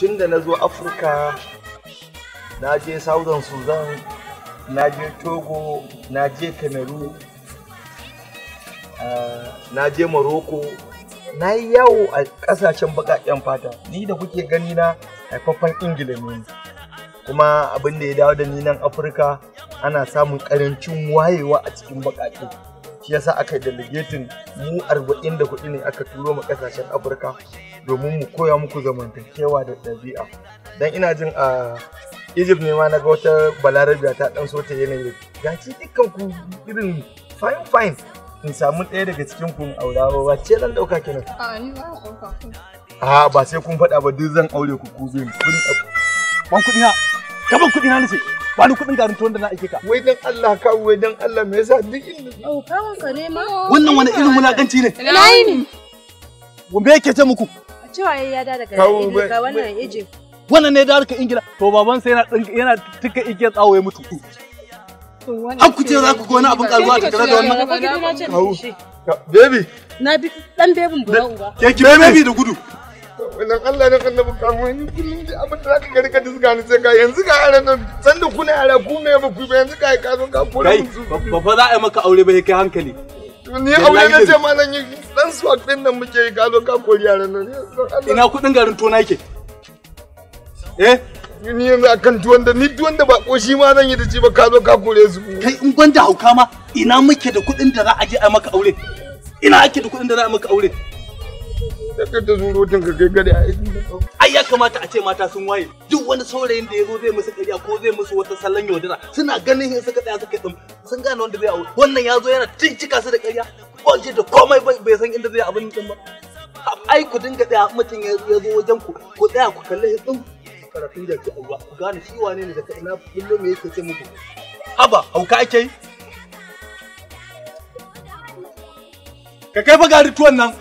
tun da na zo afirka na je southern sudan na je togo na je cameroon eh, na je morocco na yi yawo a kasashen bakaken fata ni da kuke gani na haifafan ingila ne kuma abin da ya dawo da ni nan afirka ana samun karancin wayewa a cikin bakaken shi yasa aka yi delegating mu 44 ne aka turo mu kasashen afirka domin mu koya muku zamantakewa da ɗabi'a dan ina jin a egypt ne ma na ga wata balarabiya ta ɗan sota yanayi ga ci dukkan ku irin fine fine in samu ɗaya daga cikin ku aura ba ba ce zan ɗauka kenan a ni ba ɗauka a ba sai kun faɗa ba duk zan aure ku ku zo ni ban kuɗi na gaban kuɗi na nufi ba ni kuɗin garin tuwon da na aike ka wai dan Allah ka wai dan Allah me yasa duk inda au kawon ka ne ma wannan wani irin wulakanci ne nayi ne wanda yake ce muku a cewa ya da daga Ingila wannan eje wannan ne da ka Ingila to baban sai yana yana tuka igiyar tsawo ya mutu An ku za ku gona abin karuwa ta tare da wannan? Baby! Na bi dan bebin bura uba. Baby da gudu! wannan Allah na kan nabu kamun ni kullum da abin da zaka garka diska ni sai ka yanzu ga yaran nan san da kuna yara ku me ba ku yanzu ka ka zo ka ba za a yi maka aure ba kai hankali ni aure na ce ma nan yi dan swag din nan muke ka zo ka kore yaran nan ina kudin garin tona yake eh ni yanzu akan tuwon da ni tuwon da ma zan yi da ci ba ka zo ka kore su kai in gwanda hauka ma ina muke da kudin da za a je a maka aure ina ake da kudin da za a maka aure da kai ta surutun ka kai gari a ai ya kamata a ce mata sun waye duk wani saurayin da ya zo zai musu kariya ko zai musu wata sallan yaudara suna ganin in suka tsaya suka tsum sun gane wanda zai aure wannan ya zo yana cincika su da kariya ba shi da komai bai san inda zai abin din ba ai ku dinga tsaya mutum ya zo wajen ku ku tsaya ku kalle tsum karafin da ke auwa ku gane shi wane ne daga ina kullum me yake ce muku haba hauka ake yi ka kai fa ga rituwan nan